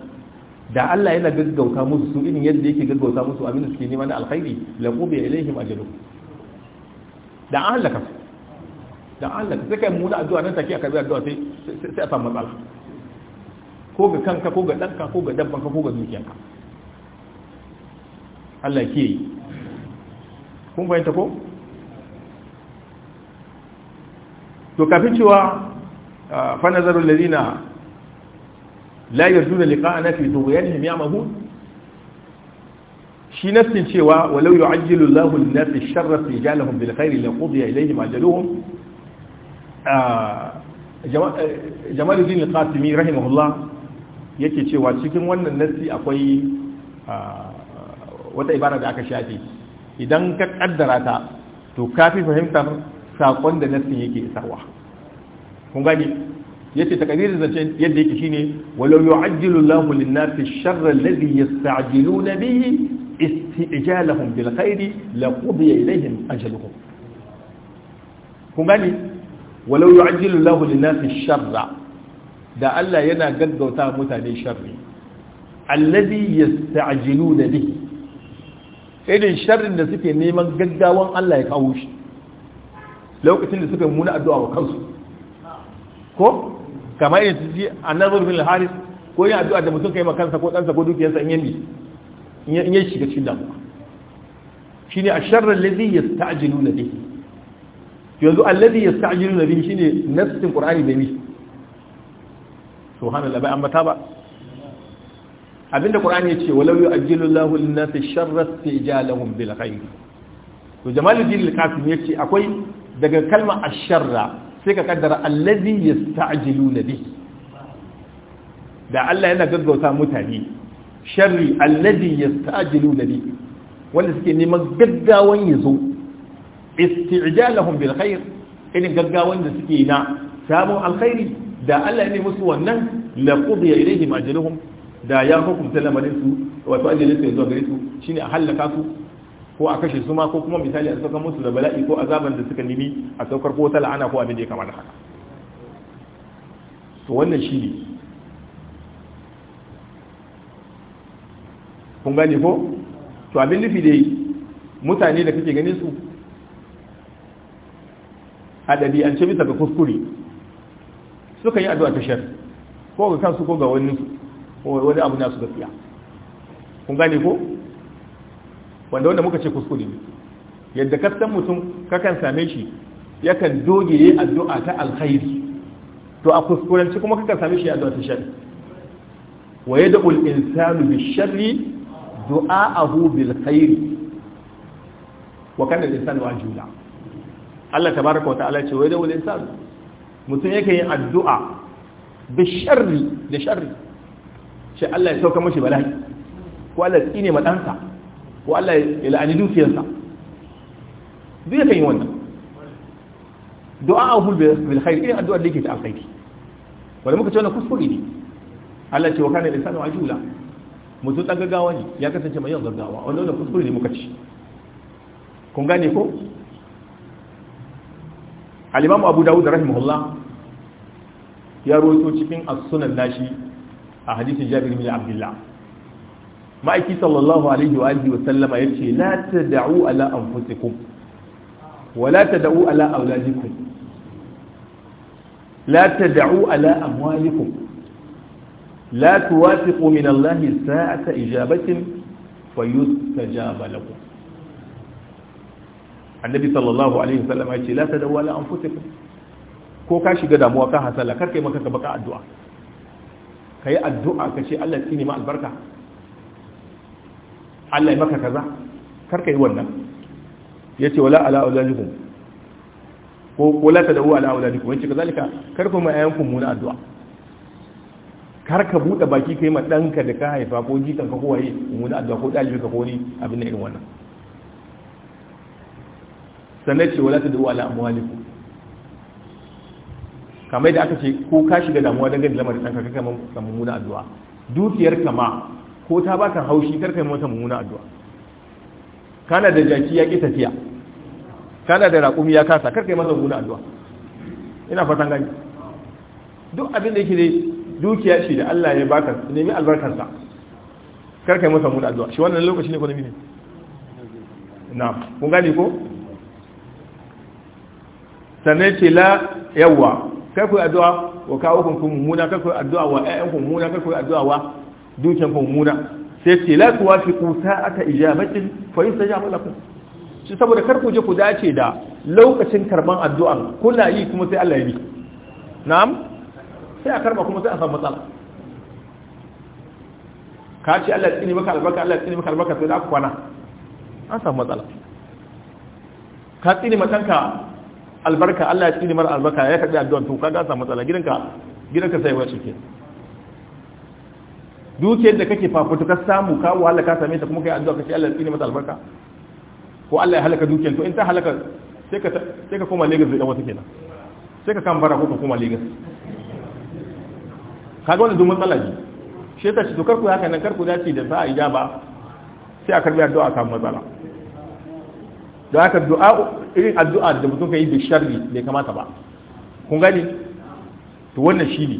S1: da Allah yana gaggauta musu su irin yadda yake gaggauta musu amin suke nema na alkhairi la qubi ilaihim ajalu da an halaka da an halaka sai kai da addu'a nan take aka bi addu'a sai sai a samu matsala ko ga kanka ko ga danka ko ga dabbanka ko ga dukiyanka Allah ke yi kun fahimta ko to kafin cewa fa nazaru alladhina la yarjuna liqa'ana fi tughyanihim ya'mahun shi nassin cewa walau yu'ajjilu Allahu lin-nasi sharra fi jalahum bil khairi la qudiya ilayhim ajaluhum Jamaluddin yake cewa cikin wannan nassi akwai wata ibara da aka shafe idan ka kaddara ta to fi fahimtar sakon da nassin yake isarwa kun gani yace takadirin zance yadda yake shine walau yu'ajjilu Allahu lin-nasi ash-sharra alladhi yasta'jiluna bihi isti'jalahum bil laqudiya ilayhim ajaluhum kun gani walau yu'ajjilu Allahu lin-nasi ash-sharra da Allah yana gaggauta mutane sharri alladhi yasta'jiluna bihi irin sharrin da suke neman gaggawan Allah ya kawo shi lokacin da suka muna addu'a wa kansu ko kamar yin su ji annabi bin haris ko yin addu'a da mutum kai ma kansa ko ɗansa ko dukiyarsa in yi in yi shiga cikin damuwa shine asharra alladhi na bihi yanzu alladhi yasta'jiluna bihi shine nassin ƙur'ani da mi subhanallahi bai ambata ba abinda ya ce walau yu'ajjilu Allahu lin-nasi sharra istijalahum bil khair to jamaluddin al-qasim ce akwai daga kalmar asharra sai ka kaddara allazi yasta'jiluna bi da Allah yana gaggauta mutane sharri allazi yasta'jiluna bi wanda suke neman gaggawan yazo isti'jalahum bil khair irin gaggawan da suke na samun alkhairi da Allah ne musu wannan la qudiya ilayhim ajaluhum da ya hukunta lamarin su wato ajalin su yazo gare su shine a halaka su ko a kashe su ma ko kuma misali a saukar musu da bala'i ko azaban da suka nimi a saukar ko wata la'ana ko abin da ya kama da haka to wannan shi ne kun gane ko to abin nufi dai mutane da kake ganin su a ɗabi'ance bisa ga kuskure suka yi addu'a ta shar ko ga kansu ko ga wani abu na su gaskiya kun gane ko wanda wanda muka ce kuskure ne yadda kasan mutum kakan same shi yakan doge yi addu'a ta alkhairi to a kuskurenci kuma kakan same shi addu'a ta shari wa yad'ul insanu bisharri du'a'ahu bil khairi wa kana al-insanu ajula Allah tabaraka wa ta'ala ce wa yad'ul insanu mutum yake yin addu'a bi bisharri da sharri sai Allah ya sauka mashi bala'i ko Allah tsine madansa ko Allah ya la'ani dukiyarsa zai ya kan yi wannan du'a hulbe bil khair irin addu'ar da yake ta alkhairi wanda muka ce wannan kuskure ne Allah ce wa kana wa ajula mutum dan gaggawa ne ya kasance mai yawan gaggawa wannan wannan kuskure ne muka ci kun gane ko al-imam Abu Dawud rahimahullah ya rawaito cikin as-sunan nashi a hadisin Jabir bin Abdullah ma'aiki sallallahu alaihi wa alihi wa sallama yace la tad'u ala anfusikum wa la tad'u ala auladikum la tad'u ala amwalikum la tuwafiqu min Allah sa'ata ijabatin fayustajaba lakum annabi sallallahu alaihi wa sallama ce la ta tad'u ala anfusikum ko ka shiga damuwa ka hasala kar kai maka baka addu'a kai addu'a kace Allah tsini ma albarka Allah ya maka kaza kar ka yi wannan ya ce wala ala aulajikum ko wala tadawu ala aulajikum yace ka kar karka mai ayan mu na addu'a kar ka baki kai ma ɗanka da ka haifa ko jikan ka ko muna mu na addu'a ko dalibi ka ko abin da irin wannan sannan ce wala ta tadawu ala amwalikum kamar da aka ce ko ka shiga damuwa dangane da lamarin ɗanka kai kamar mummunan addu'a dukiyar kama ko ta baka haushi kar kai mata mummuna addu'a kana da jaki ya ƙi tafiya kana da raƙumi ya kasa kar kai masa mummuna addu'a ina fatan gani duk abin da yake dai dukiya ce da Allah ya baka nemi albarkarsa kar kai masa mummuna addu'a shi wannan lokaci ne ko ne na kun gani ko sannan ce la yawwa kai addu'a wa kawo kun mummuna kai addu'a wa ƴaƴan kun mummuna kai addu'a wa dukiyar ku mummuna sai ce la tuwafiqu sa'ata ijabatin fa yustajaba lakum shi saboda kar ku je ku dace da lokacin karban addu'an kuna yi kuma sai Allah ya bi na'am sai a karba kuma sai a samu matsala ka ce Allah tsini maka albarka Allah tsini maka albarka sai da kwana an samu matsala ka tsini matanka albarka Allah ya tsini mara albarka ya karbi addu'an to kaga an samu matsala gidanka gidanka sai ya wace kenan dukiyar da kake fafutukar samu kawo Allah ka same ta kuma kai addu'a kace Allah ya tsine mata albarka ko Allah ya halaka dukiyar to in ta halaka sai ka sai ka koma Lagos da wata kenan sai ka kambara ko ka koma Lagos kaga wannan dun matsala ji shi ta ci to karku haka nan karku dace da sa'a ijaba sai a karbi addu'a kan matsala da haka du'a irin addu'a da mutum kai bi sharri bai kamata ba kun gani to wannan shi ne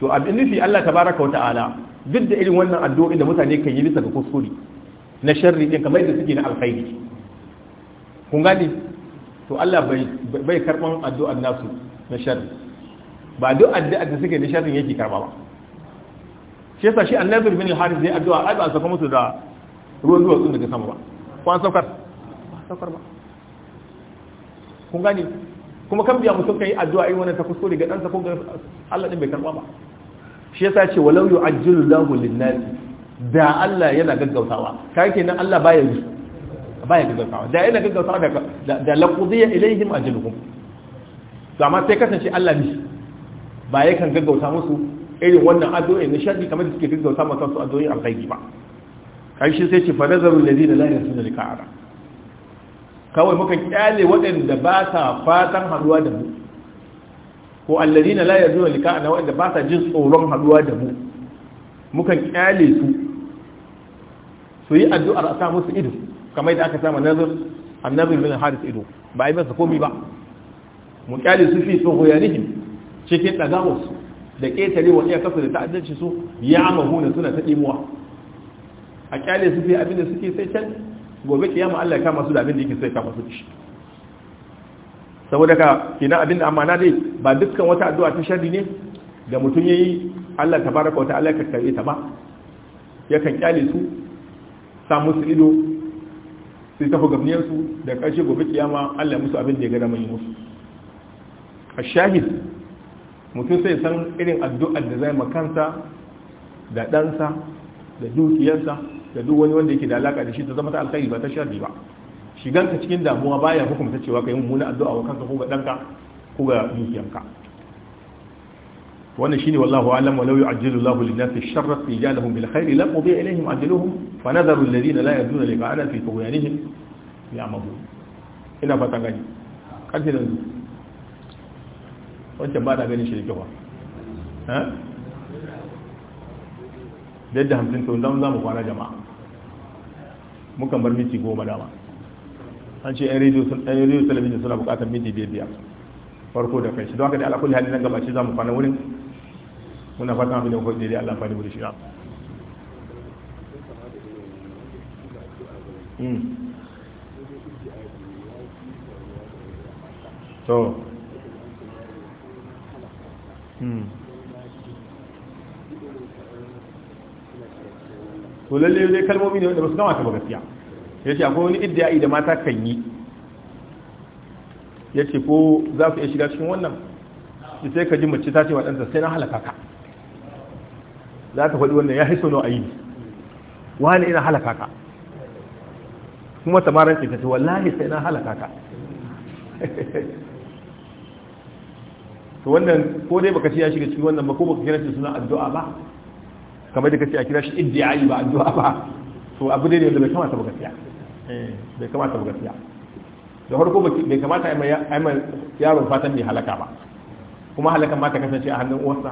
S1: to abin nufi Allah tabaraka wa ta'ala duk da irin wannan addu'o'in da mutane kan yi bisa ga kuskure na sharri din kamar yadda suke na alkhairi kun gane to Allah bai bai karban addu'ar nasu na sharri ba duk addu'a da suke na sharrin yake karba ba shi yasa shi annabi bin al-haris zai addu'a ai ba a kuma musu da ruwan duwatsun daga sama ba ko an saukar ba saukar ba kun gane kuma kan biya mutum kai addu'a irin wannan ta kuskure daga ɗansa ko ga Allah din bai karba ba shi yasa ce walau yu'ajjilu lahu lin-nas da Allah yana gaggautawa kai kenan Allah baya yi baya gaggautawa da yana gaggautawa da da laqudiya ilaihim ajluhum to amma sai kasance Allah ne ba ya kan gaggauta musu irin wannan addu'a na shadi kamar da suke gaggauta masa addu'a addu'o'i alkhairi ba kai shi sai ce fa nazaru alladhina la yasuna lika'ara kawai muka kyale waɗanda ba sa fatan haɗuwa da mu ko layar zuwa lika na waɗanda ba sa jin tsoron haɗuwa da mu muka kyale su su yi addu'ar a sa musu ido kamar yadda aka sama nazar annabi bin haris ido ba a yi masa komi ba mu kyale su fi nihin cikin ɗagawarsu da ƙetare wa iya kasa da ta'addanci su ya amahuna suna ta ɗimuwa a kyale su fi abin da suke sai can gobe kiyama Allah ya kama su da abin da yake sai kama su shi saboda ka kina abin da amana dai ba dukkan wata addu'a ta sharri ne da mutum yayi Allah tabaraka wa ta'ala ya karkare ta ba kan kyale su sa musu ido sai tafi gabniyar su da karshe gobe kiyama Allah ya musu abin da ya gada mai musu ashahid mutum sai san irin addu'ar da zai makanta da ɗansa da dukiyarsa da duk wani wanda yake da alaka da shi ta zama ta alkhairi ba ta sharri ba shiganka cikin damuwa baya hukumta cewa kai mummuna addu'a wa kanka ko ga danka ko ga dukiyanka wannan shine wallahu a'lam walau yu'ajjilu Allahu lin-nasi ash-sharra ijalahum bil khairi la qudiya ilayhim ajaluhum fa nadharu alladhina la yaduna liqa'ana fi tughyanihim ya'mahu ina fata gani kace da su wancan ba da ganin shi da kyau ha da 50 to dan zamu kwana jama'a mukan bar minti goma dama an ce yan rediyo talabijin suna bukatar minti biyar biyar farko da kai shi don haka dai ala hali nan gaba shi mu kwana wurin muna fata abin da kuka dai Allah fadi mu da shi
S3: hmm. to
S1: to lalle dai kalmomi ne wanda ba su gama ta ba gaskiya ya ce akwai wani iddiya'i da mata kan yi ya ce ko za ku iya shiga cikin wannan sai ka ji mace ta ce wa ɗanta sai na halaka ka za ta faɗi wannan ya haiso no a yi wani ina halaka ka kuma samaran ce ta ce wallahi sai na halaka ka to wannan ko dai baka ce ya shiga cikin wannan ba ko baka kira shi suna addu'a ba kamar da kace a kira shi iddi'ai ba addu'a ba to abu ne da bai kamata ba gaskiya eh bai kamata ba gaskiya da farko bai kamata a yi yaron fatan mai halaka ba kuma halakan ma ta kasance a hannun uwarsa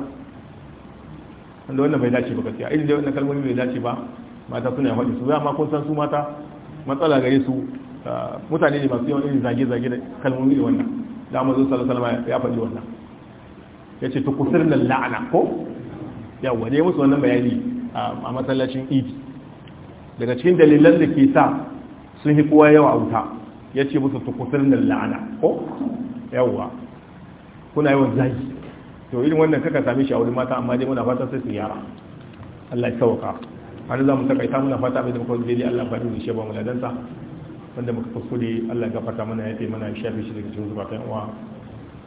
S1: wanda wannan bai dace ba gaskiya irin da wannan kalmomi bai dace ba mata suna yi su za ma kun san su mata matsala gare su ah, mutane ne masu yawan irin zage-zage da kalmomi da wannan da amma zuwa salama ya faɗi wannan ya ce tukusir na la'ana ko yawon ne musu wannan bayani a matsalacin idi daga cikin dalilan da ke sa sun yi kowa yawa wuta ya ce musu tukusar da la'ana ko yawa kuna yawan zai to irin wannan kaka sami shi a wurin mata amma dai muna fata sai su yara Allah ya sauka har za mu takaita muna fata mai zama muka daidai Allah fadin da shi ba mu ladansa wanda muka kuskure Allah ya gafarta mana ya taimana ya shafi shi daga cikin zubatan uwa